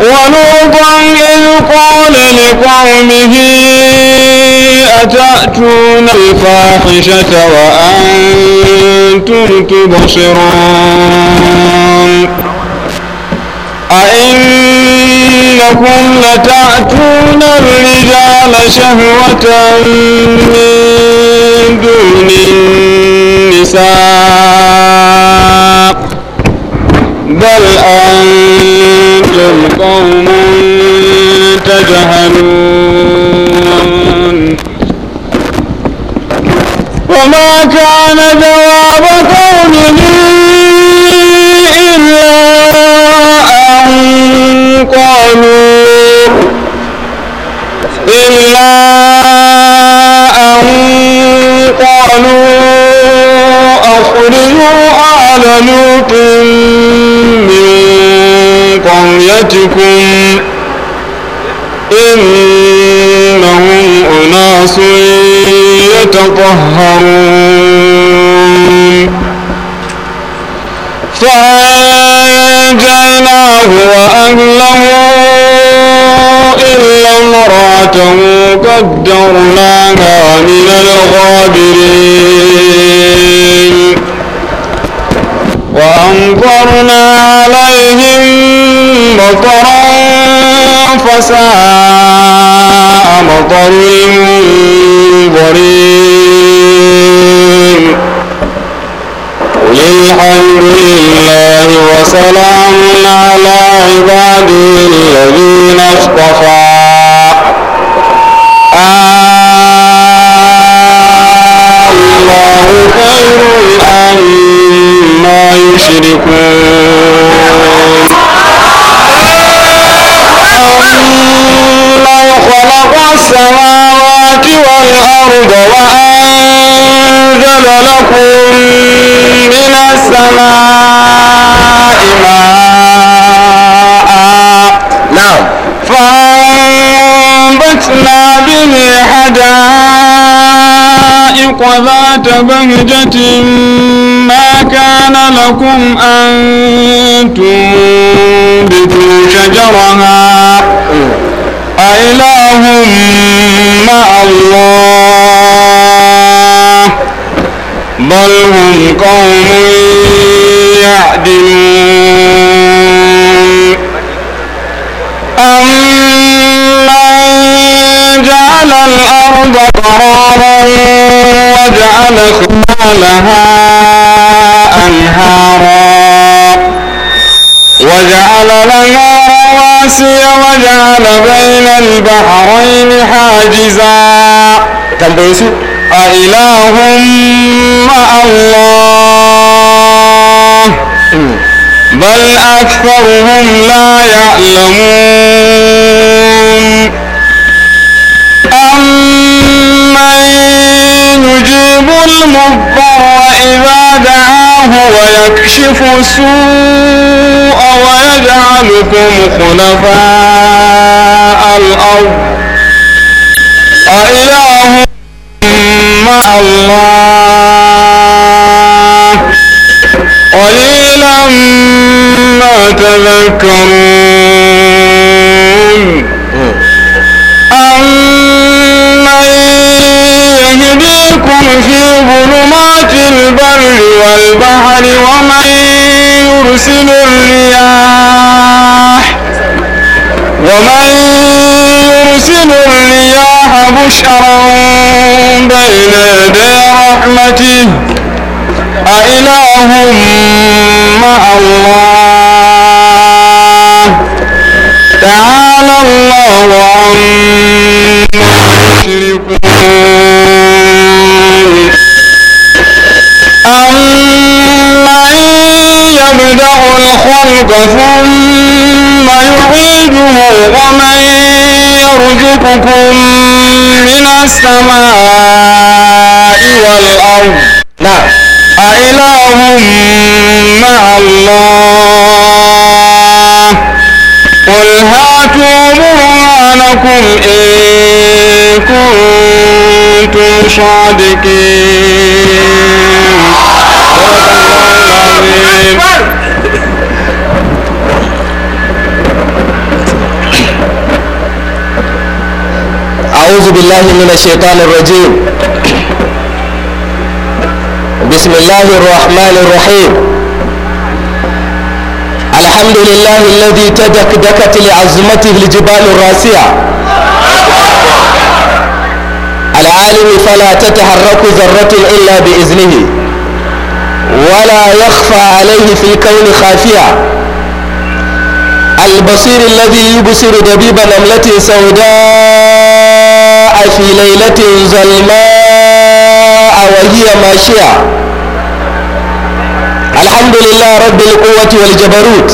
ولوطا إذ قال لقومه أتأتون الفاحشة وأنتم تبصرون أئنكم لتأتون الرجال شهوة من دون النساء بل أنتم قوم تجهلون وما كان جواب قومه إلا أن قالوا إلا أن قالوا أخرجوا آل لوط قريتكم إنهم أناس يتطهرون فأنجيناه وأهله إلا امرأته قدرناها من الغابرين وأمطرنا عليهم مطرا فساء مطر المنظرين قل الحمد لله وسلام على عباده الذين اصطفى آه، الله خير أما يشركون أنه خلق السماوات والأرض وأنزل لكم من السماء ماء نعم فأنبتنا به حدائق ذات بهجة ما كان لكم أن تنبتوا شجرها أإله مع الله بل هم قوم يعدلون أمن جعل الأرض قرارا وجعل خلالها وجعل لها رواسي وجعل بين البحرين حاجزا تنبيسي أإله مع الله بل أكثرهم لا يعلمون أمن يجيب المضطر إذا دعاه ويكشف السوء ويجعلكم خلفاء الأرض أإله مع الله قليلا ما تذكرون أمن يهديكم في ظلمات البر البحر ومن يرسل الرياح ومن يرسل الرياح بشرا بين يدي رحمته أإله مع الله خلقكم من السماء والأرض نعم أإله مع الله قل هاتوا برهانكم إن كنتم صادقين أعوذ بالله من الشيطان الرجيم بسم الله الرحمن الرحيم الحمد لله الذي تدكدكت لعظمته الجبال الراسية العالم فلا تتحرك ذرة إلا بإذنه ولا يخفى عليه في الكون خافيه البصير الذي يبصر دبيب نملة سوداء في ليلة ظلماء وهي ماشية الحمد لله رب القوة والجبروت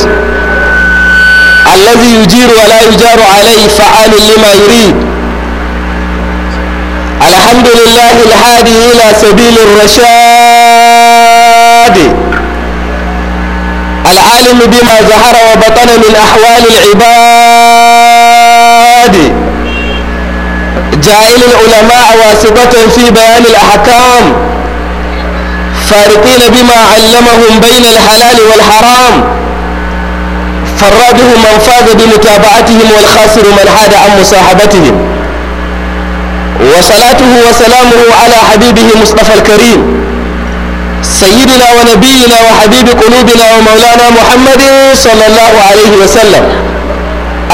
الذي يجير ولا يجار عليه فعال لما يريد الحمد لله الهادي إلى سبيل الرشاد العالم بما ظهر وبطن من أحوال العباد جاعل العلماء واسطة في بيان الأحكام فارقين بما علمهم بين الحلال والحرام فالرابح من فاز بمتابعتهم والخاسر من حاد عن مصاحبتهم وصلاته وسلامه على حبيبه مصطفى الكريم سيدنا ونبينا وحبيب قلوبنا ومولانا محمد صلى الله عليه وسلم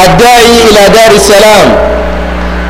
الداعي إلى دار السلام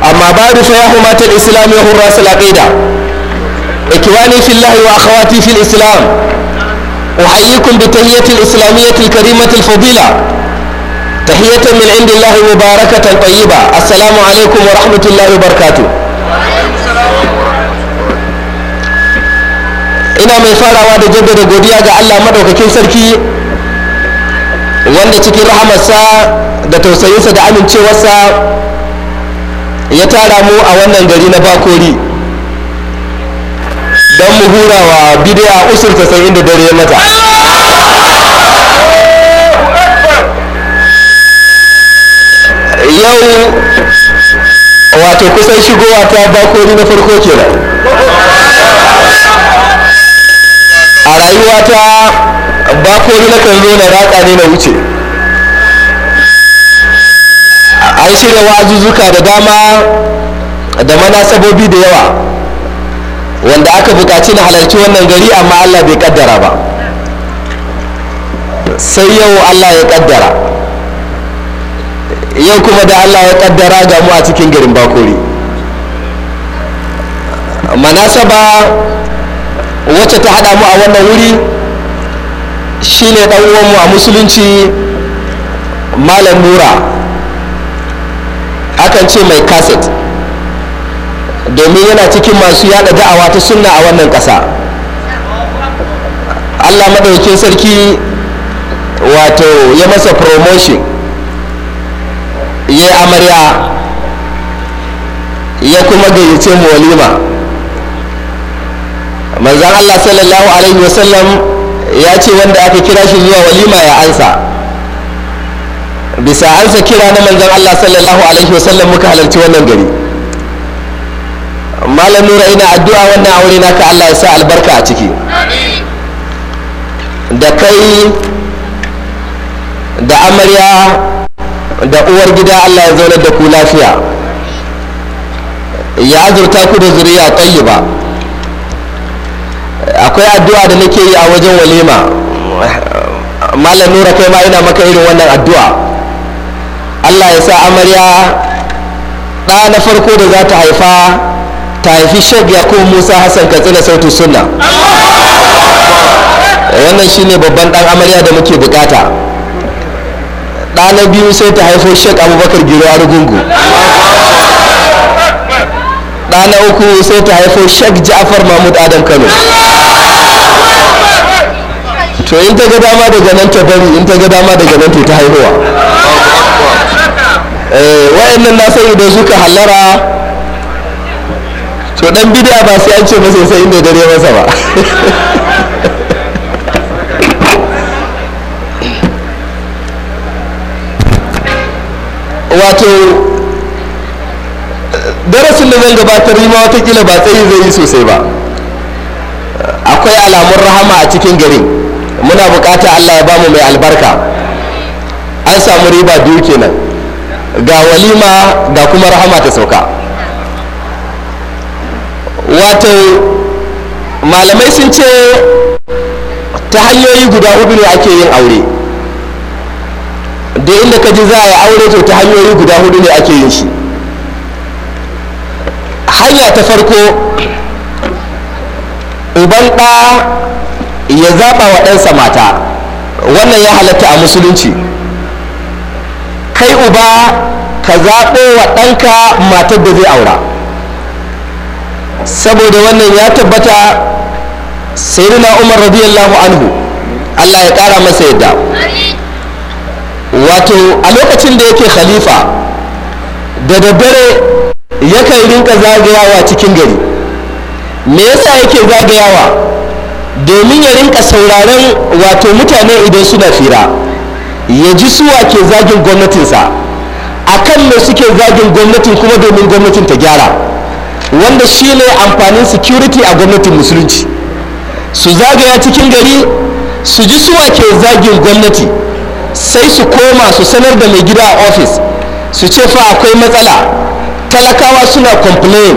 amma ba sai ya humata da islam ya hurra su laƙida ikiwani fillahi wa akhawati fil islam uhayyikum bi tahiyati al islamiyyati al karimati fadila tahiyatan min indillahi mubarakatan tayyiba assalamu alaikum wa rahmatullahi barkatu. ina mai farawa da jaddada godiya ga Allah madaukakin sarki wanda cikin rahamarsa da tausayinsa da amincewarsa ya tara mu a wannan gari na bakori don mu hura wa bidiya usur ta san inda dare mata yau wato kusan shigowa ta bakori na farko kenan a rayuwata bakori na kan zo na ratsa ne na wuce an shirya wa'azuzzuka da dama da manasabobi da yawa wanda aka bukaci na halarci wannan gari amma allah bai kaddara ba sai yau allah ya kaddara yau kuma da allah ya kaddara ga mu a cikin garin bakori manasaba wacce ta hada mu a wannan wuri shine uwanmu a musulunci malam nura akan ce mai kaset domin yana cikin masu yada da'awa ta sunna a wannan ƙasa allah maɗaukin sarki wato ya masa promotion ya amarya ya kuma gayyace mu walima manzan allah sallallahu alaihi wasallam ya ce wanda aka kira shi zuwa walima ya ansa bisa ansa kira na manzon Allah sallallahu alaihi wasallam muka halarci wannan gari malam nura ina addu'a wannan aure ka Allah ya sa albarka a ciki da kai da amarya da uwar gida Allah ya zaunar da ku lafiya ya azurta ku da zuriya tayyiba akwai addu'a da nake yi a wajen walima malam nura kai ma ina maka irin wannan addu'a allah ya sa amarya ɗa na farko da za ta haifa ta haifi shek kuma musa hassan katsina sautu suna wannan shine babban ɗan amarya da muke bukata ɗa na biyu sai ta haifo shek abubakar giro arugungu ɗa na uku sai ta haifo shek ja'far mahmud adam kano to in ta ga dama daga nan ta bari in ta ga dama daga nan ta haihuwa Eh, wayannan na san idan suka hallara to dan bidiya ba sai an ce masa sai inda dare masa ba wato darasin da zan gabatar yi ma watakila ba tsayi zai yi sosai ba akwai alamun rahama a cikin garin muna bukata allah ya bamu mai albarka an samu riba biyu kenan ga walima ga kuma rahama ta sauka wato malamai sun ce ta hanyoyi guda hudu ne ake yin aure da inda ka ji za a yi aure to ta hanyoyi guda hudu ne ake yin shi hanya ta farko uban ɗa ya zaɓa wa ɗansa mata wannan ya halatta a musulunci kai uba ka zaɓo wa ɗanka matar da zai aura saboda wannan ya tabbata sai umar radiyallahu anhu allah ya ƙara masa yadda wato a lokacin da yake khalifa da daddare yakan rinka zagayawa cikin gari me yasa yake zagayawa domin ya rinka sauraron wato mutane idan suna fira ya ji suwa ke zagin gwamnatinsa a kan me suke zagin gwamnatin kuma domin gwamnatin ta gyara wanda shi ne amfanin security a gwamnatin musulunci su zagaya cikin gari su ji suwa ke zagin gwamnati sai su koma su sanar da mai gida a ofis su ce fa akwai matsala talakawa suna complain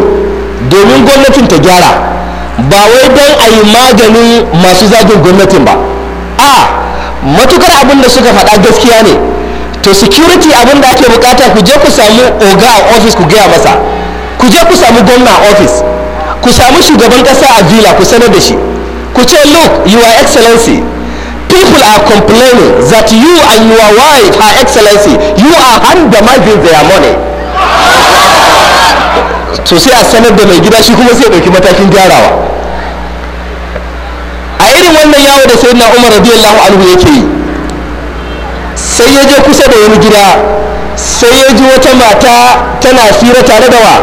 domin gwamnatin ta gyara ba wai don a yi maganin masu zagin gwamnatin ba a matukar abin da suka faɗa gaskiya ne to security abin da ake bukata ku je ku samu oga a office ku gaya masa ku je ku samu gwamna a office ku samu shugaban kasa a villa ku sanar da shi ku ce look your excellency people are complaining that you and your wife her excellency you are handamizing their money to sai a sanar da mai gida shi kuma sai ɗauki matakin gyarawa a irin wannan yawo da sayyidina umar radiyallahu anhu yake yi sai ya je kusa da wani gida sai ya ji wata mata tana fira tare da wa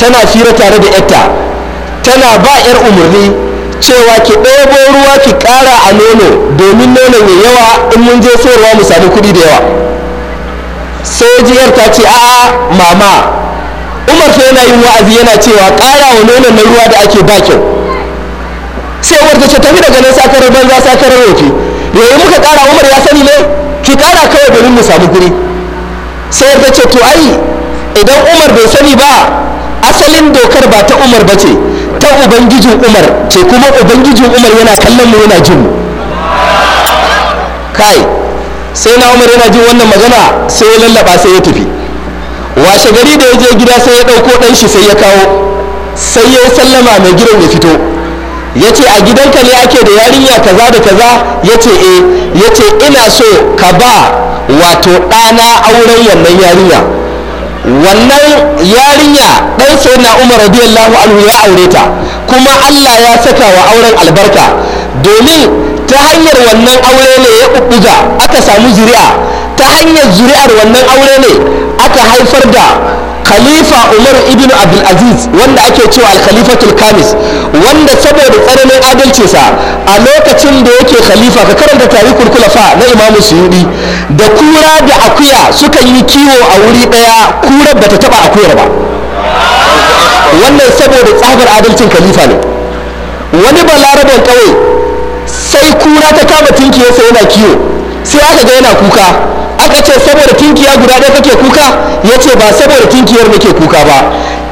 tana fira tare da yarta tana ba yar umarni cewa ki ɗobo ruwa ki ƙara a nono domin nonon mai yawa in mun je sayarwa mu sami kuɗi da yawa sai ji yar ta ce a'a mama umar sai yana yin wa'azi yana cewa ƙara wa nono na ruwa da ake ba kyau sai uwar ta ce tafi daga nan sakarar banza sakarar wofi yayi muka kara umar ya sani ne ki kara kawai domin mu samu guri sai ta ce to ai idan umar bai sani ba asalin dokar ba ta umar ba ce ta ubangijin umar ce kuma ubangijin umar yana kallon mu yana jin mu kai sai na umar yana jin wannan magana sai ya lallaba sai ya tafi washe gari da ya je gida sai ya ɗauko ɗan shi sai ya kawo sai ya sallama mai gidan ya fito ya ce a gidanka ne ake da yarinya kaza da kaza ya ce e eh. ya ce ina so ka ba wato ɗana auren wannan yarinya wannan yarinya ɗan sai na umar radiyallahu anhu ya aure ta kuma allah ya saka wa auren albarka domin ta hanyar wannan aure ne ya ƙuɓɓuga aka samu zuri'a ta hanyar zuri'ar wannan aure ne aka haifar da khalifa umar ibn abdulaziz wanda ake cewa al-khalifatul kamis wanda saboda tsananin adalcinsa a lokacin da yake khalifa ka karanta tarihul kulafa na imam suyudi da kura da akuya suka yi kiwo a wuri daya kura bata taba akuyar ba wannan saboda tsabar adalcin khalifa ne wani balarabin kawai sai kura ta kama ya yana kiwo sai aka ga yana kuka aka ce saboda kinkiya guda ɗaya kake kuka ya ce ba saboda kinkiyar muke kuka ba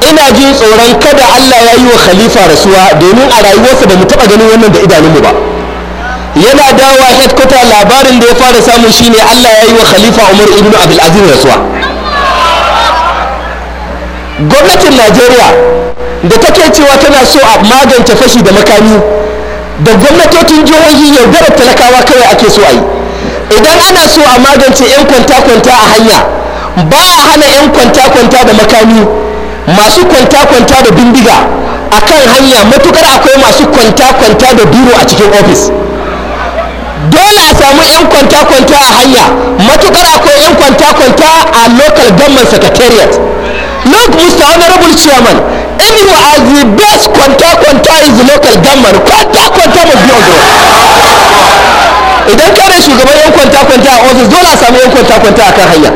ina jin tsoron kada Allah ya yi wa khalifa rasuwa domin a rayuwarsa ba mu taɓa ganin wannan da idanunmu ba yana dawa headquarter labarin da ya fara shi shine Allah ya yi wa khalifa Umar ibn Abdul rasuwa gwamnatin Najeriya da take cewa tana so a magance fashi da makami da gwamnatocin jihohi yaudarar talakawa kawai ake so a yi idan ana so a magance 'yan kwanta-kwanta a hanya ba a hana 'yan kwanta-kwanta da makami masu kwanta-kwanta da bindiga a kan hanya matukar akwai masu kwanta-kwanta da biro a cikin ofis dole a samu 'yan kwanta-kwanta a hanya matukar akwai 'yan kwanta-kwanta a local government secretariat look mr honorable chairman anyone as the best kwanta-kwanta is the local government kwanta-kwanta must be on the idan ka da shugaban yan kwanta kwanta a ofis dole a samu yan kwanta kwanta a kan hanya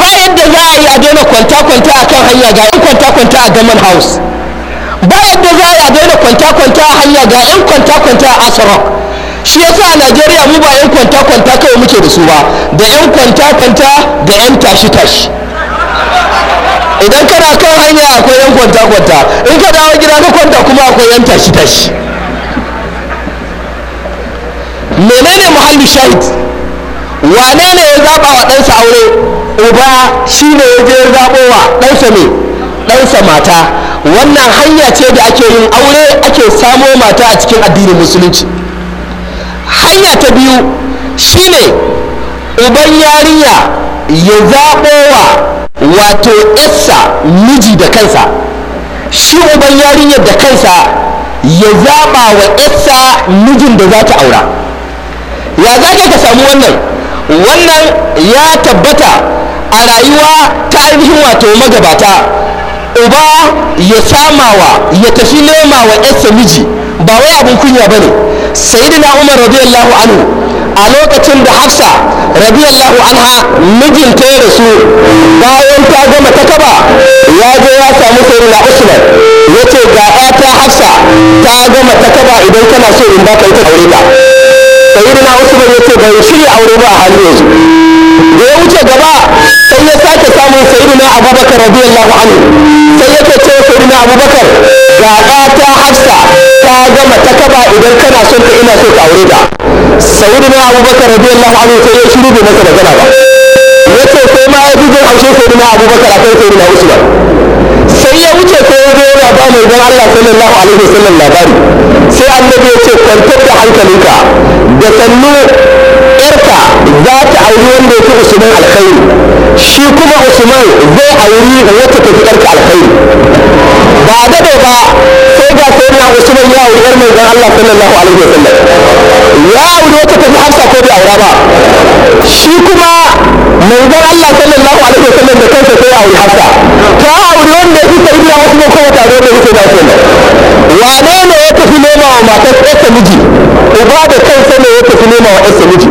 ba yadda za a yi a daina kwanta kwanta a kan hanya ga yan kwanta kwanta a gaman house ba yadda za a yi a daina kwanta kwanta a hanya ga yan kwanta kwanta a asrock shi yasa a najeriya mu ba yan kwanta kwanta kawai muke da su ba da yan kwanta kwanta da yan tashi tashi idan kana kan hanya akwai yan kwanta kwanta in ka dawo gida ka kwanta kuma akwai yan tashi tashi menene muhalli shahid wane ne ya zaba wa ɗansa aure uba shi ne ya je zaɓo wa ɗansa ne ɗansa mata wannan hanya ce da ake yin aure ake samo mata a cikin addinin musulunci hanya ta biyu shine uban yarinya ya zaɓo wa wato yarsa miji da kansa shi uban yarinyar da kansa ya zaɓa wa yarsa mijin da za ta aura ya za ka samu wannan wannan ya tabbata a rayuwa ta ainihin wato magabata uba ya samawa ya tafi nema wa yarsa miji ba wai abin kunya ba ne sayidina umar radiyallahu anhu a lokacin da hafsa radiyallahu anha mijinta ya rasu bayan ta gama ta kaba ya je ya samu sayidina usman ya ce ga ta hafsa ta gama ta kaba idan kana so in baka ita aure ta na usman ya yace bai shirya aure ba a halin yanzu da ya wuce gaba sai ya sake samun na abubakar radiyallahu anhu sai yake ce na abubakar ga ta hafsa ta gama ta kaba idan kana son ka ina so ka aure ta na abubakar radiyallahu anhu sai ya shiru bai masa magana ba ya ce sai ma ya ji jin haushin na abubakar akan sayyidina usman manzon Allah sallallahu alaihi wasallam labari sai annabi ya ce kwantar da hankalinka da sannu yarka za ta auri wanda ya fi usman alkhairi shi kuma usman zai auri wacce ta fi yarka alkhairi ba dade ba sai ga sai na usman ya auri yar manzon Allah sallallahu alaihi wasallam ya auri wacce ta fi hafsa ko bai aura ba shi kuma manzon Allah sallallahu alaihi sallam da kansa sai auri hafsa ta auri wanda yake sai da wasu ko ta zo da yake dace ne wane ne ya tafi nema wa matar ɗansa miji uba da kansa ne ya tafi nema wa ɗansa miji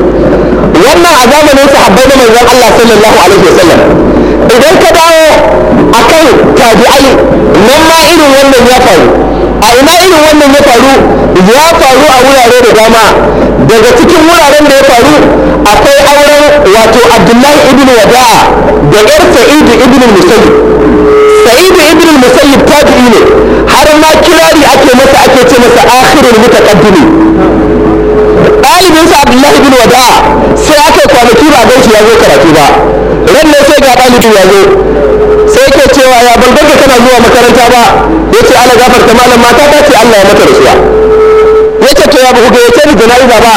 wannan a zamanin sahabbai da manzon Allah sallallahu alaihi wasallam idan ka dawo kan tabi'ai nan ma irin wannan ya faru a ina irin wannan ya faru ya faru a wurare da dama daga cikin wuraren da ya faru akwai auren wato abdullahi ibn wada'a da yar sa'idu ibn musayyib sa'idu ibn musayyib tabi'i ne har ma kirari ake masa ake ce masa akhirul mutaqaddimi ɗalibin sa abdullahi bin wada'a sai aka kwanaki ba shi ya zo karatu ba ran ne sai ga ɗalibin ya zo sai yake cewa ya ban ganka kana zuwa makaranta ba ya ce ala gafarta malam mata ta ce allah ya mata rasuwa ya ce to ya ba ga yace ni jana'iza ba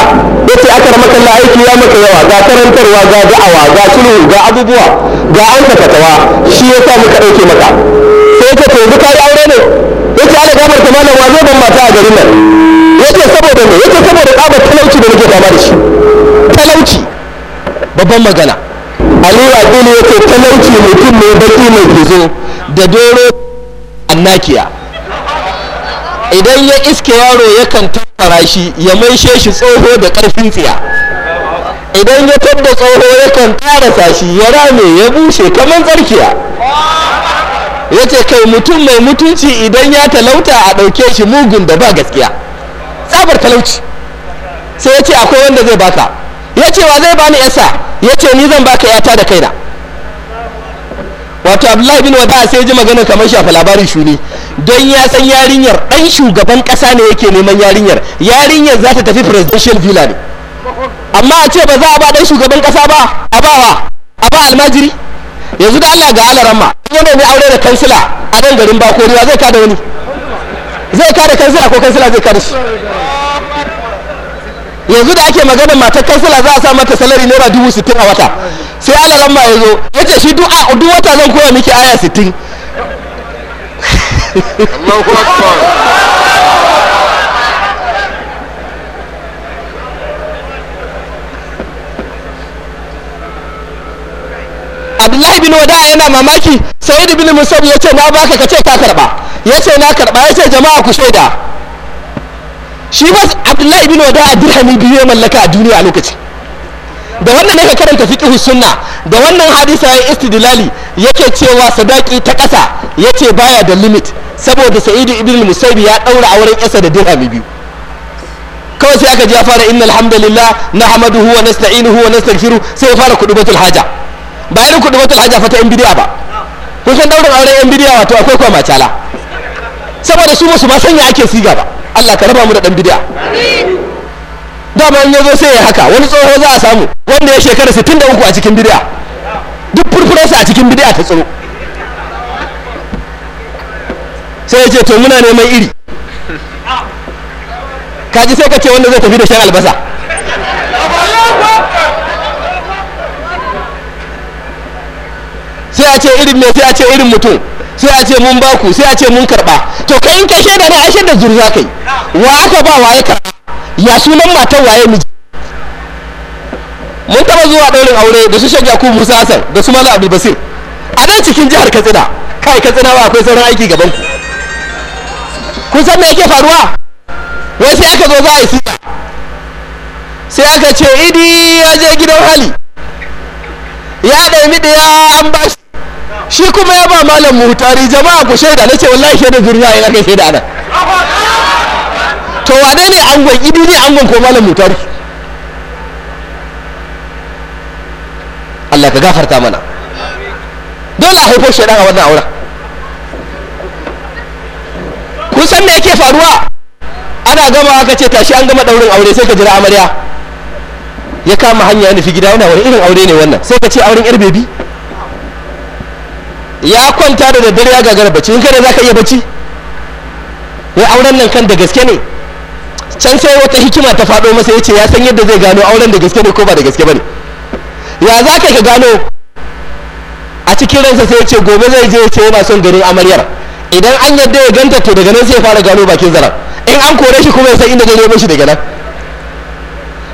ya ce aka ramaka la aiki ya maka yawa ga karantarwa ga da'awa ga sulhu ga abubuwa ga an fatawa shi ya sa muka ɗauke maka sai ya ce to yanzu ka yi aure ne ya ce ala gafarta malam wa zai ban mata a garin nan yake saboda me yake saboda tsaba talauci da nake fama da shi talauci babban magana aliyu dole yake talauci mutum mai baki mai kuzo da doro annakiya idan ya iske yaro yakan tattara shi ya maishe shi tsoho da karfin tsiya idan ya tabba tsoho yakan tara sashi ya rame ya bushe kamar tsarkiya ya ce kai mutum mai mutunci idan ya talauta a ɗauke shi mugun da ba gaskiya tsabar talauci sai ya ce akwai wanda zai baka ya ce wa zai bani yasa ya ce ni zan baka yata da kaina wato abdullahi bin wada sai ji magana kamar shafa labarin shuni don ya san yarinyar dan shugaban kasa ne yake neman yarinyar yarinyar za ta tafi presidential villa ne amma a ce ba za a ba dan shugaban kasa ba a ba wa a ba almajiri yanzu da Allah ga alaramma wani ne aure da kansila a nan garin wa zai kada wani zai kada kansila ko kansila zai kare shi yanzu da ake maganar matar kansila za a sa mata salari naira dubu sittin a wata sai alaran ma ya zo ya ce shi duk wata zan koya miki aya sittin abdullahi bin wada yana mamaki sai bin musab ya ce na baka ka ce ka karba ya ce na karɓa ya ce jama'a ku shaida shi ba abdullahi ibn wada a dirhami biyu ya mallaka a duniya a lokaci da wannan ne ka karanta fiqh sunna da wannan hadisa ya istidlali yake cewa sadaki ta ƙasa yace baya da limit saboda sa'idu ibn musayb ya daura auren ƙasa da dirhami biyu kawai sai aka ji ya fara inna alhamdulillah nahmaduhu wa nasta'inuhu wa nastaghfiru sai ya fara kudubatul haja bayan kudubatul haja fa ta yan bidiya ba kun san daurin auren yan bidiya wato akwai kwa macala saboda su musu ba ya ake siga ba Allah ka raba mu da dan bid'a dama in yazo sai ya haka wani tsoho za a samu wanda ya shekara 63 a cikin bid'a duk furfurarsa a cikin bid'a ta tsoro sai ya ce to muna neman iri kaji sai ka ce wanda zai tafi da shan albasa sai a ce irin me sai a ce irin mutum sai a ce mun ba ku sai a ce mun karba to kai in kai shaida ne ai shaida ka yi wa aka ba waye karba ya sunan matan waye miji mun taba zuwa daurin aure da su shagya ku Musa Hassan da su Malam Abdul Basir a nan cikin jihar Katsina kai Katsina ba akwai sauran aiki gaban ku kun san me yake faruwa wai sai aka zo za a yi siya sai aka ce idi ya je gidan hali ya ɗaimi da ya an ba shi shi kuma ya ba malam mu tari jama'a ku shaida nace wallahi shaida zuriya in aka shaida ana to wane ne angon idi ne angon ko malam muhtari Allah ka gafarta mana dole a haifo shaidan a wannan auren kun san me yake faruwa ana gama aka ce tashi an gama daurin aure sai ka jira amarya ya kama hanya ya nufi gida yana wani irin aure ne wannan sai ka ce auren yar bebi ya kwanta da daddare ya gagara bacci in kada za ka iya bacci ya auren nan kan da gaske ne can sai wata hikima ta faɗo masa ya ce ya san yadda zai gano auren da gaske ne ko ba da gaske ba ne ya za ka ka gano a cikin ransa sai ya ce gobe zai je ce yana son garin amaryar idan an yadda ya ganta to daga nan sai ya fara gano bakin zarar in an kore shi kuma ya san inda zai nemo shi daga nan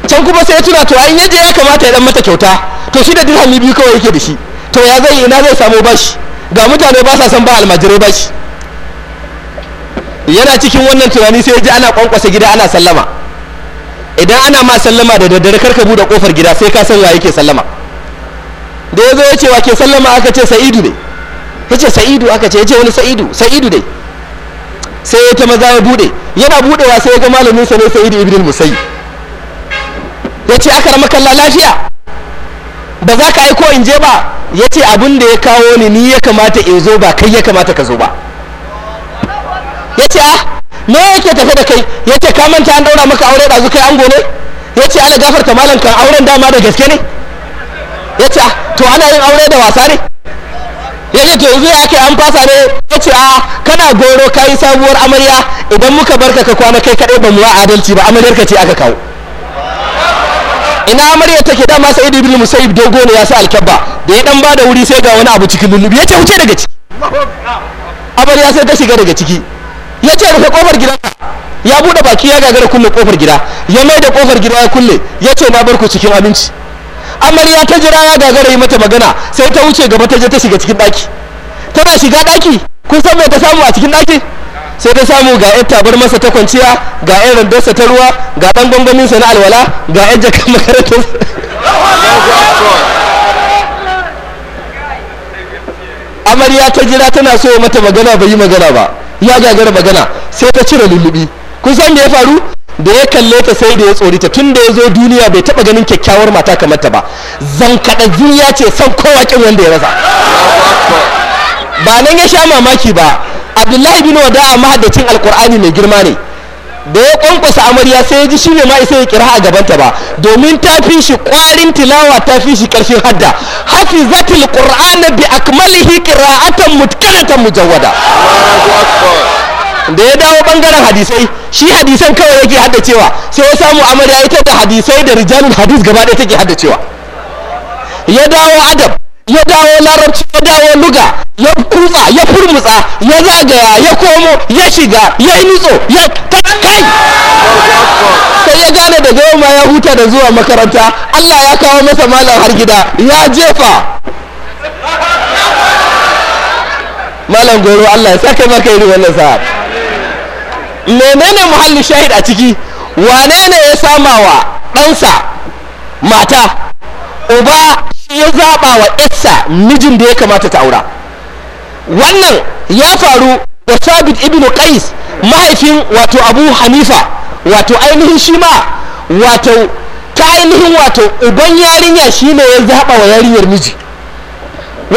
can kuma sai ya tuna to an yaje ya kamata ya dan mata kyauta to shi da dirhami biyu kawai yake da shi to ya zai ina zai samu bashi ga mutane ba sa son ba almajirai ba shi yana cikin wannan tunani sai ji ana kwankwasa gida ana sallama idan ana ma sallama da daddare karka bude kofar gida sai ka san wa yake sallama da ya zo ya ce wa ke sallama aka ce sa'idu ne ya ce sa'idu aka ce ya ce wani sa'idu sa'idu dai sai ya ta maza ya bude yana budewa sai ya ga malamin sa ne sa'idu ibn musayyib ya ce aka rama kalla lafiya ba za ka aiko in je ba ya ce abin da ya kawo ni ni ya kamata in zo ba kai ya kamata ka zo ba ya ce ah me yake tafe da kai ya ce ka manta an daura maka aure ɗazu kai ango ne ya ce ana gafarta malam kan auren dama da gaske ne ya ce ah, to ana yin aure da wasa ne ya ce to yanzu ya ke an fasa ne ya ce a ah, kana goro kayi sabuwar amarya idan muka barka ka kwana kai kaɗai ba mu adalci ba amaryarka ce aka kawo ina amarya take dama sa'id ibn musayib dogo ne ya sa alkabba da ya dan bada wuri sai ga wani abu cikin lullubi yace huce daga ciki amarya sai ta shiga daga ciki yace rufe kofar gida ya bude baki ya gagara kulle kofar gida ya mai da kofar gida ya kulle yace na bar ku cikin abinci amarya ta jira ya gagara yi mata magana sai ta wuce gaba ta je ta shiga cikin daki tana shiga daki kun san me ta samu a cikin daki sai ta samu ga yan tabar masa ta kwanciya ga yan randarsa ta ruwa ga ɗan gwangwaninsa na alwala ga yan jaka makarantar amarya ta jira tana so mata magana bai yi magana ba ya gagara magana sai ta cire lullubi kun san da ya faru da ya kalle ta sai da ya tsorita tun da ya zo duniya bai taba ganin kyakkyawar mata kamar ta ba zan kaɗa ce san kowa kin wanda ya rasa ba nan ya sha mamaki ba abdullahi bin wada a mahaddacin alkur'ani mai girma ne da ya kwankwasa amarya sai ya ji shi ne ma isa ya kira a gabanta ba domin ta fi shi kwarin tilawa ta fi shi karfin hadda hafi hafizatul qur'ana bi akmalihi qira'atan mutqanatan mujawwada da ya dawo bangaren hadisai shi hadisan kawai yake haddacewa sai ya samu amarya ita da hadisai da rijalul hadis gaba ɗaya take haddacewa ya dawo adab ya dawo larabci ya dawo luga ya kutsa ya furmutsa ya zagaya ya komo ya shiga ya yi nutso ya kai sai ya gane daga yau ma ya huta da zuwa makaranta Allah ya kawo masa malam har gida ya jefa malam goro Allah ya saka maka yi wannan sa'ar menene muhallin shahid a ciki wane ne ya sama wa ɗansa mata uba ya zaɓa wa issa mijin da ya kamata ta aura wannan ya faru da sabit ibn qais mahaifin wato abu hanifa wato ainihin shi ma wato ta ainihin wato uban yarinya shi ne ya zaɓa wa yarinyar miji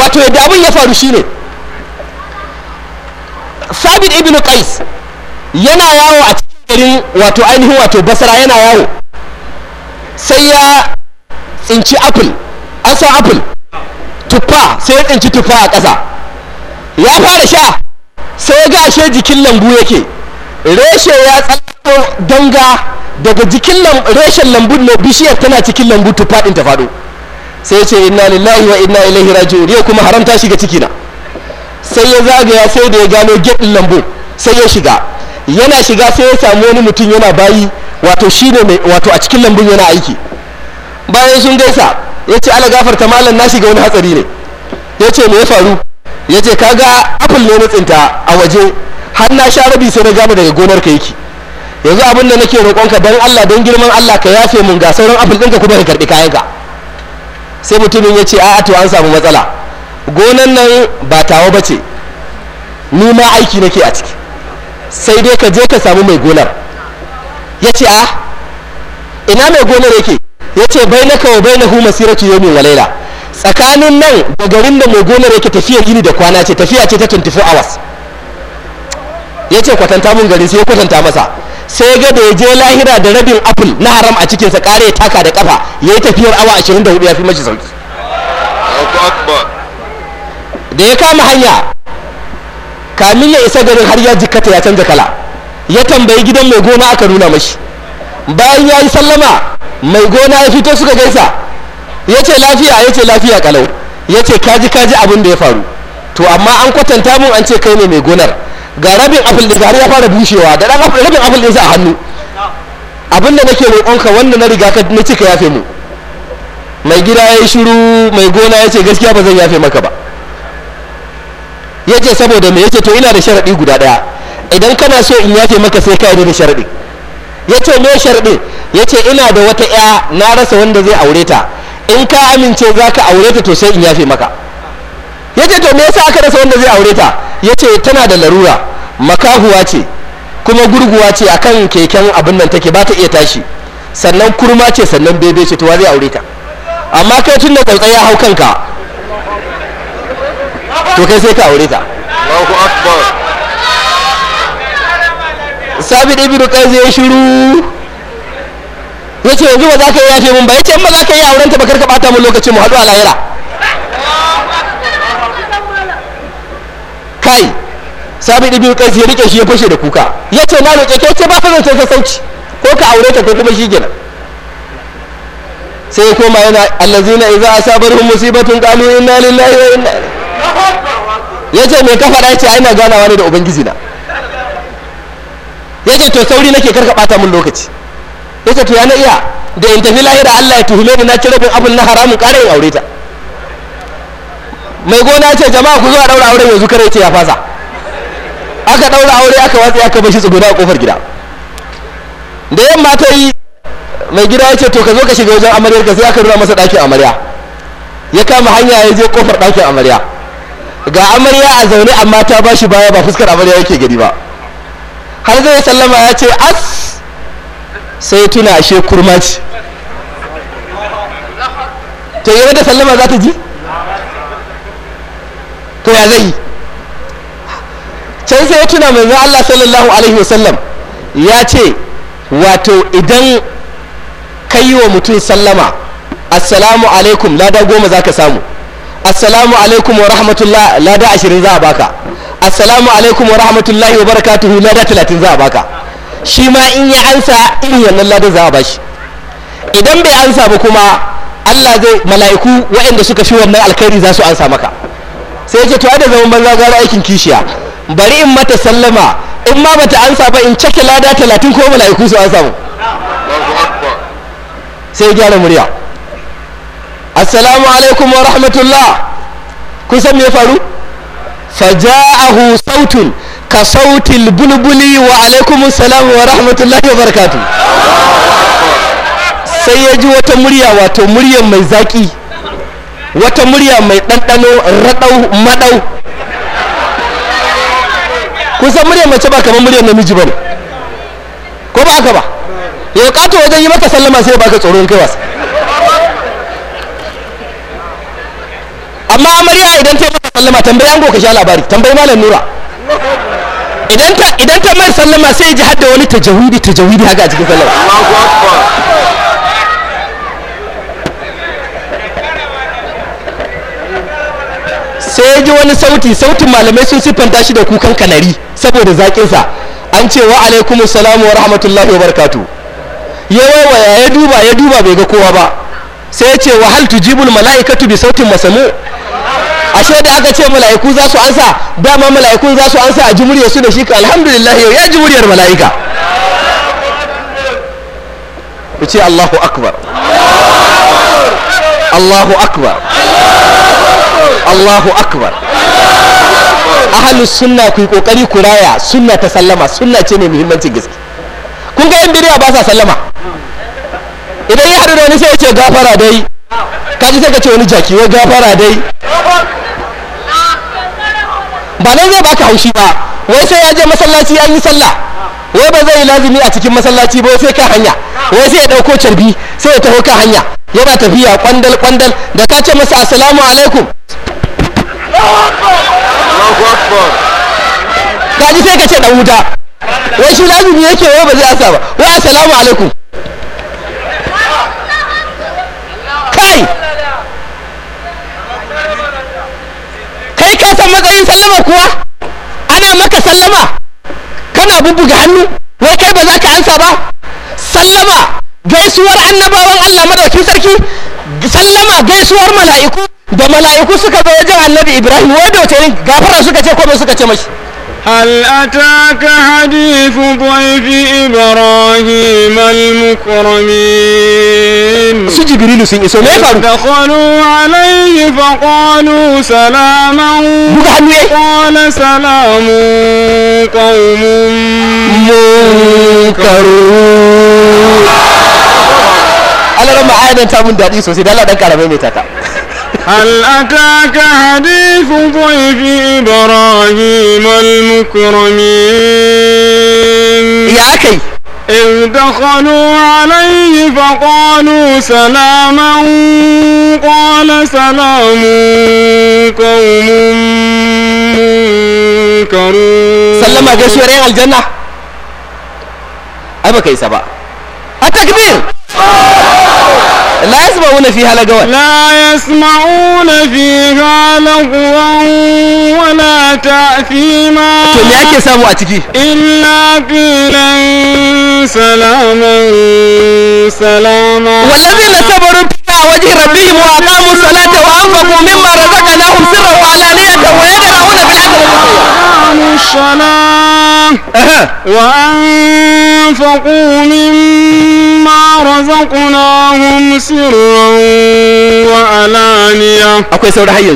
wato yadda abin ya faru shi ne sabit ibn qais yana yawo a cikin garin wato ainihin wato basara yana yawo sai ya tsinci apple an sa apple tuffa sai ya tsinci tuffa a ƙasa ya fara sha sai ga gashe jikin lambu yake reshe ya tsalo danga daga jikin reshen lambun ne bishiyar tana cikin lambu tuffa din ta faɗo sai ce inna lillahi wa inna ilaihi raji'un yau kuma haramta shiga ciki na sai ya zagaya sai da ya gano gedin lambu sai ya shiga yana shiga sai ya samu wani mutum yana bayi wato shine wato a cikin lambun yana aiki bayan sun gaisa ya ce ala gafarta malam na shiga wani hatsari ne ya ce me ya faru ya ce kaga apple ne na tsinta a waje har na sha rabi sai na gama daga gonar ka yake yanzu abin da nake roƙonka don allah don girman allah ka yafe mun ga sauran apple ɗinka kuma ka karɓi kayanka sai mutumin ya ce a'a to an samu matsala gonan nan ba tawa ba ce ni ma aiki nake a ciki sai dai ka je ka samu mai gonar ya ce a ina mai gonar yake yace bai na hu masiratu yawmin wa walaila tsakanin nan da garin da mai gonar yake tafiya gini da kwana ce tafiya ce ta 24 hours ya ce kwatanta mun garin sai ya kwatanta masa sai ga da ya je lahira da rabin apple na haram a cikinsa kare ya taka da kafa ya yi tafiyar awa 24 ya fi mashi sauki da ya kama hanya kamin ya isa garin har ya jikkata ya canza kala ya tambayi gidan mai gona aka nuna mashi bayan ya yi sallama mai gona ya fito suka gaisa ya ce lafiya ya ce lafiya kalau ya ce kaji kaji abin da ya faru to amma an kwatanta mun an ce kai ne mai gonar ga rabin apple din gari ya fara bushewa da rabin apple din sa a hannu abin da nake roƙonka wanda na riga ka na cika yafe mu mai gida ya yi shiru mai gona ya ce gaskiya ba zan yafe maka ba ya ce saboda me ya ce to ina da sharaɗi guda ɗaya idan kana so in yafe maka sai ka yi da sharaɗi ya ce me sharɗin ya ce ina da wata ya na rasa wanda zai aure ta in ka amince za ka aure ta to sai in yafe maka ya ce to me yasa aka rasa wanda zai aure ta ya ce tana da larura makahuwa ce kuma gurguwa ce akan keken abin nan take ba ta iya tashi sannan kurma ce sannan bebe ce to wa zai aure ta amma kai tun da tsautsai ya hau kanka to kai sai ka aure ta Allahu akbar sabit ibnu qais ya shiru yace yanzu ba za ka yi yafe mun ba yace in ba za ka yi auren ta ba karka bata mun lokacin mu hadu a lahira kai sabit ibnu qais ya rike shi ya fashe da kuka yace na roƙe ke ce ba ka zance ka sauci ko ka aure ta ko kuma shi kenan sai koma yana allazina idza asabarhum musibatun qalu inna lillahi wa inna ilaihi yace me ka faɗa yace ina ganawa ne da ubangiji na ya ce to sauri nake karka bata min lokaci ya ce to ya na iya da in tafi lahira Allah ya tuhume ni na ci rabin abin na haramun ƙara in aure ta mai gona ce jama'a ku zuwa daura auren yanzu kare ce ya fasa aka daura aure aka watsa aka bar shi a kofar gida da yamma ta yi mai gida ya ce to ka zo ka shiga wajen amaryar ka sai aka nuna masa ɗakin amarya ya kama hanya ya je kofar ɗakin amarya ga amarya a zaune amma ta ba shi baya ba fuskar amarya yake gari ba har zai sallama ya ce as sai tuna ashe kurma ce to yi da sallama za ta ji to ya zai can sai ya tuna manzo Allah sallallahu alaihi wasallam ya ce wato idan ka yi wa mutum sallama assalamu alaikum lada goma za ka samu assalamu alaikum wa rahmatullah lada ashirin za a baka assalamu alaikum wa rahmatullahi wa barakatuhu lada talatin za a baka shi ma in yi ansa in yi wannan lada za a bashi idan bai ansa ba kuma Allah zai mala'iku waɗanda suka fi wannan alkhairi za su ansa maka sai ce to ai da zaman banza gara aikin kishiya bari in mata sallama in ma bata ansa ba in cake lada talatin ko mala'iku su ansa mu sai gyara murya assalamu alaikum wa rahmatullah kun san me ya faru faja'ahu sautun ka sautil bulbuli wa alaikum salam wa rahmatullahi wa barakatu wata murya wato muryar mai zaki wata murya mai ɗanɗano raɗau maɗau kusan muryar mace ba kamar muryar namiji ba ne ko ba haka ba ya kato wajen yi maka sallama sai baka tsoron kai wasa amma amarya idan ta sallama tambayi ango ka sha labari tambayi malam nura idan ta idan ta mai sallama sai ji hadda wani tajawidi tajawidi haka a cikin sallama sai ji wani sauti sautin malamai sun siffanta shi da kukan kanari saboda zaƙinsa an ce wa alaikum salamu wa rahmatullahi wa barakatu ya waiwaya ya duba ya duba bai ga kowa ba sai ya ce wa hal tujibul mala'ikatu bi sautin masamu ashe da aka ce mala'iku za su ansa dama mala'ikun za su ansa a jimuriya su da shi ka alhamdulillah yau ya jimuriyar mala'ika ku ce Allahu akbar Allahu akbar Allahu akbar ahalus sunna ku yi kokari ku raya sunna ta sallama sunna ce mai muhimmancin gaske kun ga yan bidiya ba sa sallama idan ya haɗu da wani sai ya ce gafara dai kaji sai ka ce wani jaki wai gafara dai ba nan zai baka haushi ba wai sai ya je masallaci ya yi sallah wai ba zai yi lazimi a cikin masallaci ba sai ka hanya wai sai ya dauko carbi sai ya taho ka hanya yana tafiya kwandal kwandal da ka ce masa assalamu alaikum ji sai ka ce dan wuta wai shi lazimi yake wai ba zai asa ba wai assalamu alaikum kai ka san matsayin sallama kuwa ana maka sallama kana bubbuga hannu wai kai ba za ka ansa ba sallama gaisuwar annabawan Allah madaukin sarki sallama gaisuwar mala'iku da mala'iku suka zo wajen annabi Ibrahim wai da wace gafara suka ce ko suka ce mashi هل أتاك حديث ضيف إبراهيم المكرمين سجبريل جبريل سي إسو دخلوا عليه فقالوا سلاما قال سلام قوم منكرون Allah ran ma'ayadan ta mun daɗi sosai da Allah dan karamai mai tata هل أتاك حديث ضيف إبراهيم المكرمين يا أخي إذ دخلوا عليه فقالوا سلاما قال سلام قوم منكرون سلم جسور الجنة أبا كيسبا التكبير لا يسمعون فيها لغوا لا يسمعون فيها لغوا ولا تأثيما كم يأكي سامو أتكي إلا قيلا سلاما سلاما والذين صبروا بها وجه ربهم وأقاموا الصلاة وأنفقوا مما رزقناهم سرا وعلانية ويدرعون في الأجر المصير الشلام وأنفقوا مما رزقناهم سرا وألانية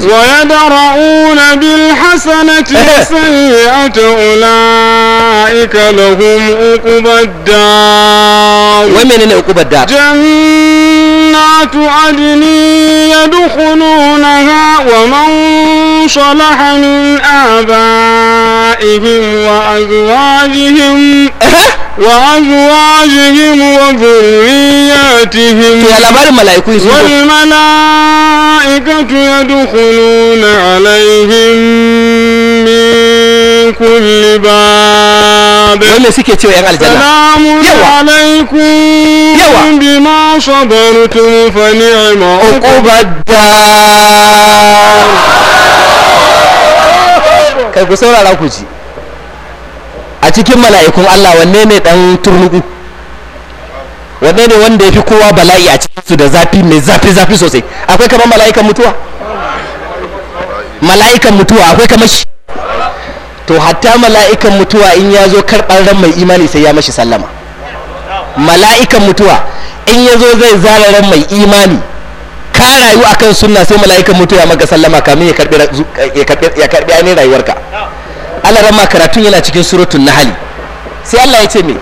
ويدرؤون بالحسنة السيئة أولئك لهم عقبى الدار جنات عدن يدخلونها ومن صلح من آبائهم وأزواجهم وأزواجهم وذرياتهم والملائكة يدخلون عليهم من كل باب سلام عليكم بما صبرتم فنعم عقب الدار kai ku saurara ku ji a cikin mala'ikun Allah wanne ne dan turnuku wanne ne wanda ya fi kowa bala'i a cikin su da zafi mai zafi zafi sosai akwai kamar mala'ikan mutuwa mala'ikan mutuwa akwai kamar shi to hatta mala'ikan mutuwa in ya zo karɓar ran mai imani sai ya mashi sallama mala'ikan mutuwa in ya zo zai zara ran mai imani ka rayu akan sunna sai mala'ikan mutu ya maka sallama kamin ya karbi ya karbi ya karbi rayuwarka Allah ran ma karatu yana cikin suratul nahl sai Allah ya ce me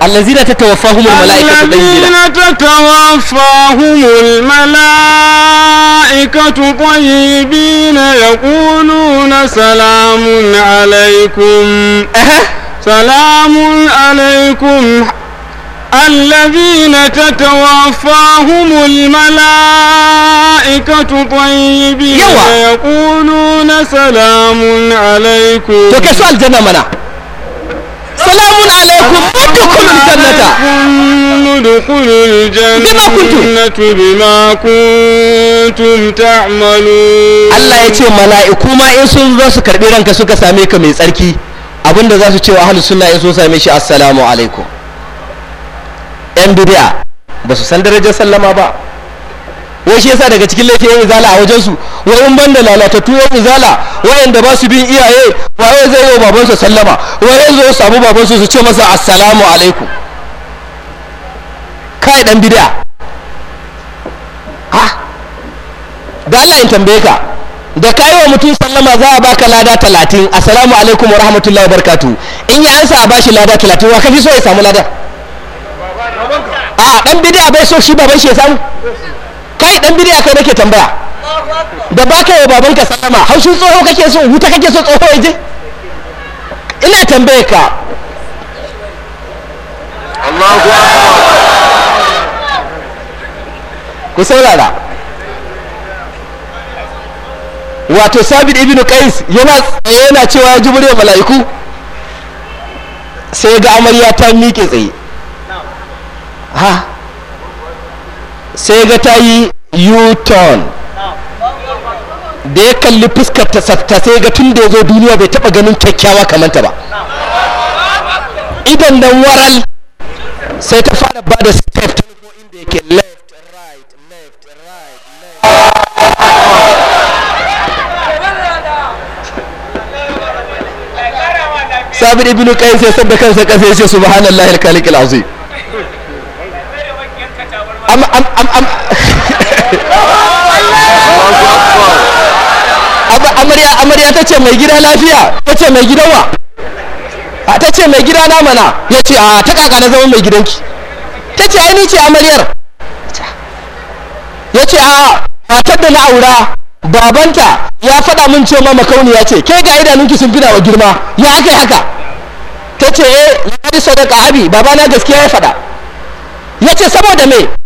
allazina tatawaffahumul mala'ikatu tayyibin allazina tatawaffahumul mala'ikatu tayyibin yaquluna salamun alaykum salamun alaykum الذين تتوفاهم الملائكة طيبين يقولون سلام عليكم تكسوا الجنة منا سلام عليكم ادخلوا الجنة ادخلوا الجنة بما كنتم تعملون الله يتي ملائكو ما يسون ذا سكر كسوك سكا ساميك من سركي abinda za su ce wa ahlus sunna in sun yan duniya ba su san darajar sallama ba wai shi yasa daga cikin laifin yan izala a wajen su wai in banda lalatattu yan izala wayanda ba su bin iyaye waye zai yi su sallama waye zai samu baban su ce masa assalamu alaikum kai dan bid'a ha da Allah ya tambaye ka da ka yi wa mutum sallama za a baka lada talatin assalamu alaikum wa rahmatullahi wa barakatuh in ya ansa a bashi lada talatin wa kafi so ya samu lada a dan bidiya bai so shi baban shi ya samu kai dan bidiya kai nake tambaya da ba kai baban ka sallama haushi tsoho kake so huta kake so tsoho ya je ina tambaye ka ku saurara wato sabit ibn qais yana tsaye yana cewa jibril mala'iku sai ga amarya ta miƙe tsaye ha sai ga ta yi u-turn da ya kalli fuskar ta sakta sai ga tun da ya zo duniya bai taba ganin kyakkyawa kamanta ba idan nan waral sai ta fara ba da step ta nufo inda yake left right left right left sabi ibn kai sai sabda kansa kasa yace subhanallahi al-khaliq al amarya amarya ta ce mai gida lafiya ta ce mai gidan wa ta ce mai gida na mana ya ce a ta kaka na zama mai gidanki ta ce ai ni ce amaryar ya ce a matar da na aura babanta ya faɗa min ma makauniya ce ke ga idanunki sun fina wa girma ya kai haka ta ce eh ladi sadaka abi babana gaskiya ya faɗa ya ce saboda me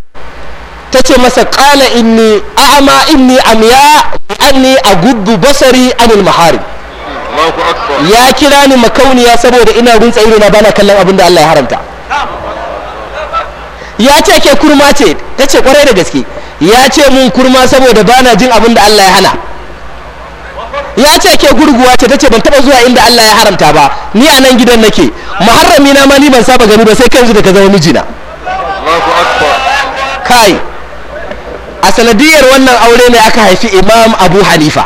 ta ce masa ƙala inni a'ama inni amiya anni a gudu basari anil mahari ya kira ni makauniya saboda ina runtsa ido na bana kallon abin da Allah ya haramta ya ce ke kurma ce ta ce kwarai da gaske ya ce mun kurma saboda bana jin abin da Allah ya hana ya ce ke gurguwa ce ta ce ban taba zuwa inda Allah ya haramta ba ni a nan gidan nake muharrami na ma ni ban saba gani ba sai kanzu da ka zama mijina kai a sanadiyar wannan aure ne aka haifi imam abu hanifa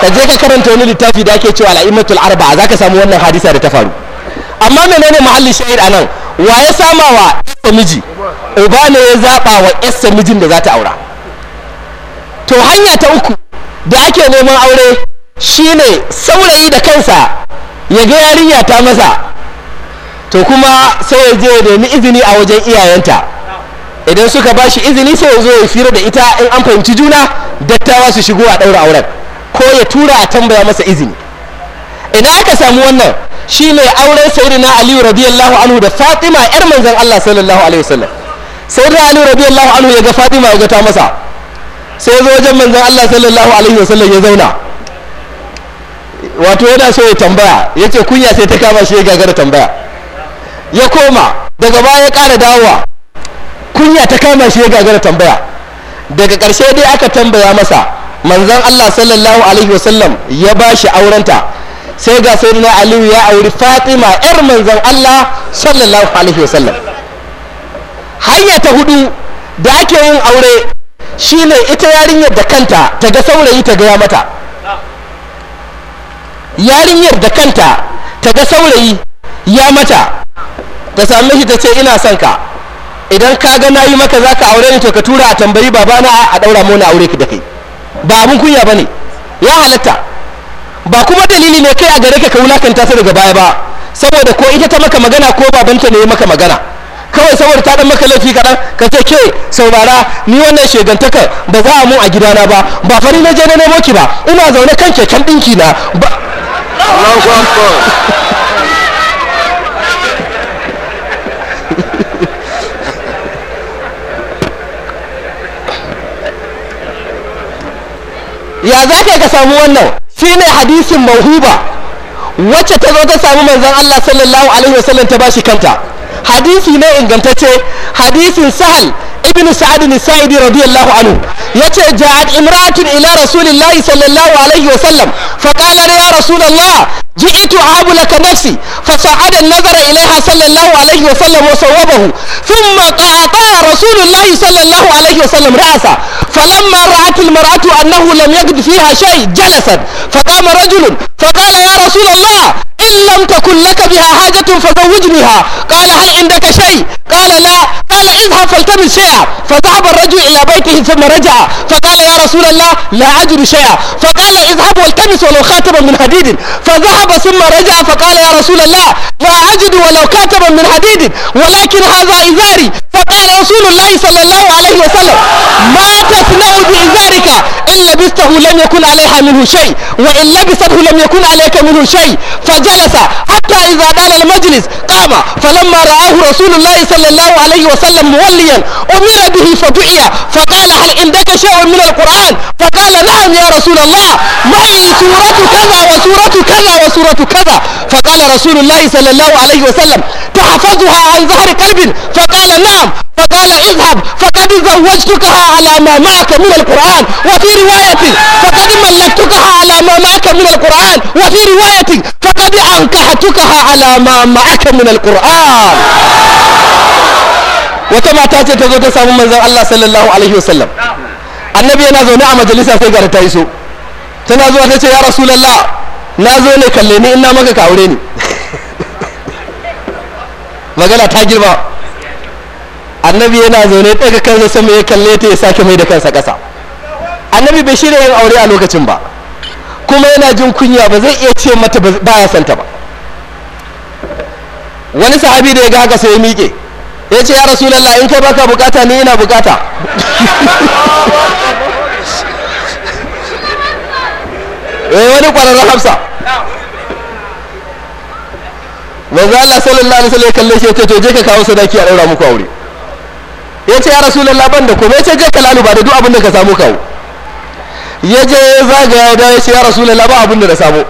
ka je ka karanta wani littafi da ake cewa al'immatul arba za ka samu wannan hadisa da ta faru amma menene muhallin shahid a nan wa ya sama wa yasta miji uba ne ya zaba wa yasta mijin da za ta aura to hanya ta uku da ake neman aure shine saurayi da kansa ya ga yarinya ta masa to kuma sai ya je ya nemi izini a wajen iyayenta idan suka ba shi izini sai ya zo ya fira da ita in an fahimci juna dattawa su shigo a ɗaura auren ko ya tura a tambaya masa izini ina aka samu wannan shi ne auren sayyidina aliyu radiyallahu anhu da fatima yar manzon allah sallallahu alaihi wasallam sayyidina aliyu radiyallahu anhu ya ga fatima ya ga ta masa sai ya zo wajen manzon allah sallallahu alaihi wasallam ya zauna wato yana so ya tambaya ya ce kunya sai ta kama shi ya gagara tambaya ya koma daga baya ya kara dawowa kunya ta kama shi ya gagara tambaya daga ƙarshe dai aka tambaya masa manzan Allah sallallahu alaihi wasallam ya ba shi aurenta sai ga na aliyu ya auri fatima yar manzan Allah sallallahu alaihi wasallam hanya ta hudu da ake yin aure shine ita yarinyar da kanta ta ga saurayi ta gaya mata yarinyar da kanta ta ga saurayi ya mata ta same shi ta ce ina son ka idan ka ga na yi maka za ka aure ni to ka tura a tambayi babana a daura mu na aure ki da kai ba abun kunya bane ya halatta ba kuma dalili ne kai a gare ka ka wulakanta su daga baya ba saboda ko ita ta maka magana ko babanta ne ya maka magana kawai saboda ta dan maka laifi kaɗan ka ce ke saurara ni wannan shegantakar ba za a mu a gidana ba ba fari na je na nemo ki ba ina zaune kan keken ɗinki na ba ya za ka ka samu wannan shine hadisin mahuba wacce ta zo ta samu manzan Allah sallallahu alaihi wasallam ta ba shi kanta hadisi ne ingantacce hadisin sahal ابن سعد السائدي رضي الله عنه جاءت امرأة الى رسول الله صلى الله عليه وسلم فقال يا رسول الله جئت أهب لك نفسي فصعد النظر إليها صلى الله عليه وسلم وصوبه ثم قاطع رسول الله صلى الله عليه وسلم رأسه فلما رأت المرأة أنه لم يجد فيها شيء جلست فقام رجل فقال يا رسول الله إن لم تكن لك بها حاجة فزوجنيها قال هل عندك شيء قال لا قال اذهب فالتمس شيئا فذهب الرجل إلى بيته ثم رجع فقال يا رسول الله لا أجد شيئا فقال اذهب والتمس ولو خاتما من حديد فذهب ثم رجع فقال يا رسول الله لا أجد ولو كاتبا من حديد ولكن هذا إزاري فقال رسول الله صلى الله عليه وسلم ما تصنع بإزارك إن لبسته لم يكن عليها منه شيء وإن لبسته لم يكن عليك منه شيء فجلس جلس حتى إذا بال المجلس قام فلما رآه رسول الله صلى الله عليه وسلم موليا أمر به فدعي فقال هل عندك شيء من القرآن فقال نعم يا رسول الله معي سورة كذا وسورة كذا وسورة كذا فقال رسول الله صلى الله عليه وسلم تحفظها عن ظهر قلب فقال نعم فقال اذهب فقد زوجتكها على ما معك من القرآن وفي رواية فقد ملكتكها على ما معك من القرآن وفي رواية فقد an ankahatukaha ha alama ma'aka min alquran wata mata ce ta zo ta samu manzan Allah sallallahu alaihi wasallam annabi yana zaune a majalisa sai gara ta iso tana zuwa ta ce ya rasulullah na zo ne kalle ni ina maka ka aure ni magana ta girma annabi yana zaune daga kansa sama ya kalle ta ya sake mai da kansa ƙasa annabi bai shirya yin aure a lokacin ba kuma yana jin kunya ba zai iya ce mata ba ya santa ba wani sahabi da ya ga haka sai ya miƙe ya ce ya rasulallah in kai baka bukata ni ina bukata eh wani kwararren hafsa manzo Allah sallallahu alaihi wasallam kalle shi ya ce to je ka kawo sadaki a daura muku aure ya ce ya rasulallah ban da komai ya ce je ka laluba da duk abin da ka samu kawo ya je ya zagaya da ya ce ya rasu ba abin da na samu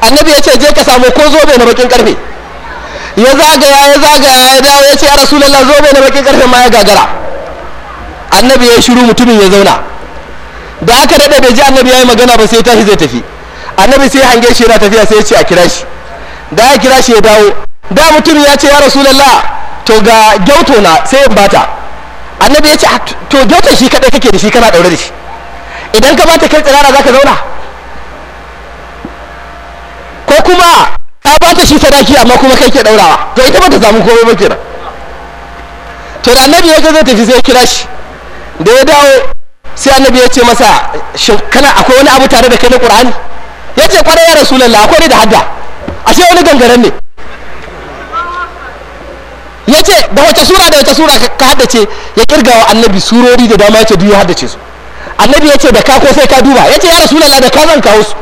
annabi ya ce je ka samu ko zobe na bakin karfe ya zagaya ya zagaya ya dawo ya ce ya rasu zobe na bakin karfe ma ya gagara annabi ya shiru mutumin ya zauna da aka daɗe bai ji annabi ya yi magana ba sai tafi zai tafi annabi sai hange shi yana tafiya sai ya ce a kira shi da ya kira shi ya dawo da mutum ya ce ya rasu to ga gyauto na sai ya bata annabi ya ce to gyauton shi kadai kake da shi kana daure da shi idan ka bata kai tsirara za ka zauna ko kuma ta bata shi sadaki amma kuma kai ke daurawa to ita bata samu komai ba kenan to da annabi ya zai tafi sai kira shi da ya dawo sai annabi ya ce masa shin kana akwai wani abu tare da kai na qur'ani ya ce kwarai ya rasulullah akwai ne da hadda ashe wani gangaren ne ya ce da wace sura da wace sura ka haddace ya kirga wa annabi surori da dama ya ce duk ya haddace su annabi ya ce da ka ko sai ka duba ya ce ya rasu da ka zan kawo su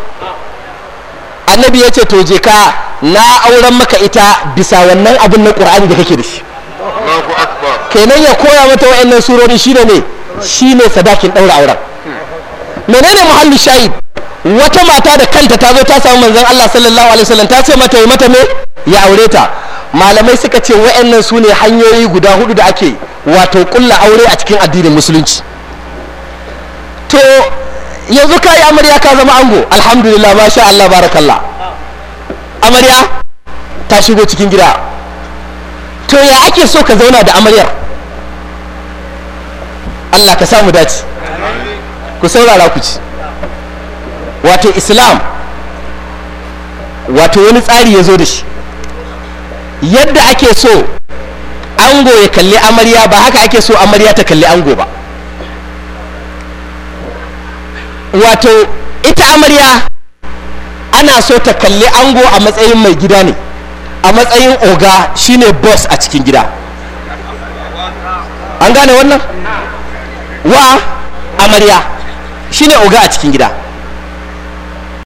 annabi ya ce to je ka na auren maka ita bisa wannan abin na ƙura'ani da kake da shi kenan ya koya mata wa'annan surori shi ne ne sadakin ɗaura auren menene muhallu shahid wata mata da kanta ta zo ta samu manzan Allah sallallahu alaihi wasallam ta ce mata yi mata me ya aure ta malamai suka ce wa'annan su ne hanyoyi guda hudu da ake wato kulla aure a cikin addinin musulunci to yanzu ka yi amarya ka zama ango alhamdulillah ma sha Allah barakallah amarya ta shigo cikin gida to ya ake so ka zauna da amaryar Allah ka samu dace ku saurara ku ci wato islam wato wani tsari ya zo da shi yadda ake so ango ya kalli amarya ba haka ake so amarya ta kalli ango ba wato ita amarya ana so ta kalli ango a matsayin mai gida ne a matsayin oga shine boss a cikin gida an gane wannan wa amarya shine oga a cikin gida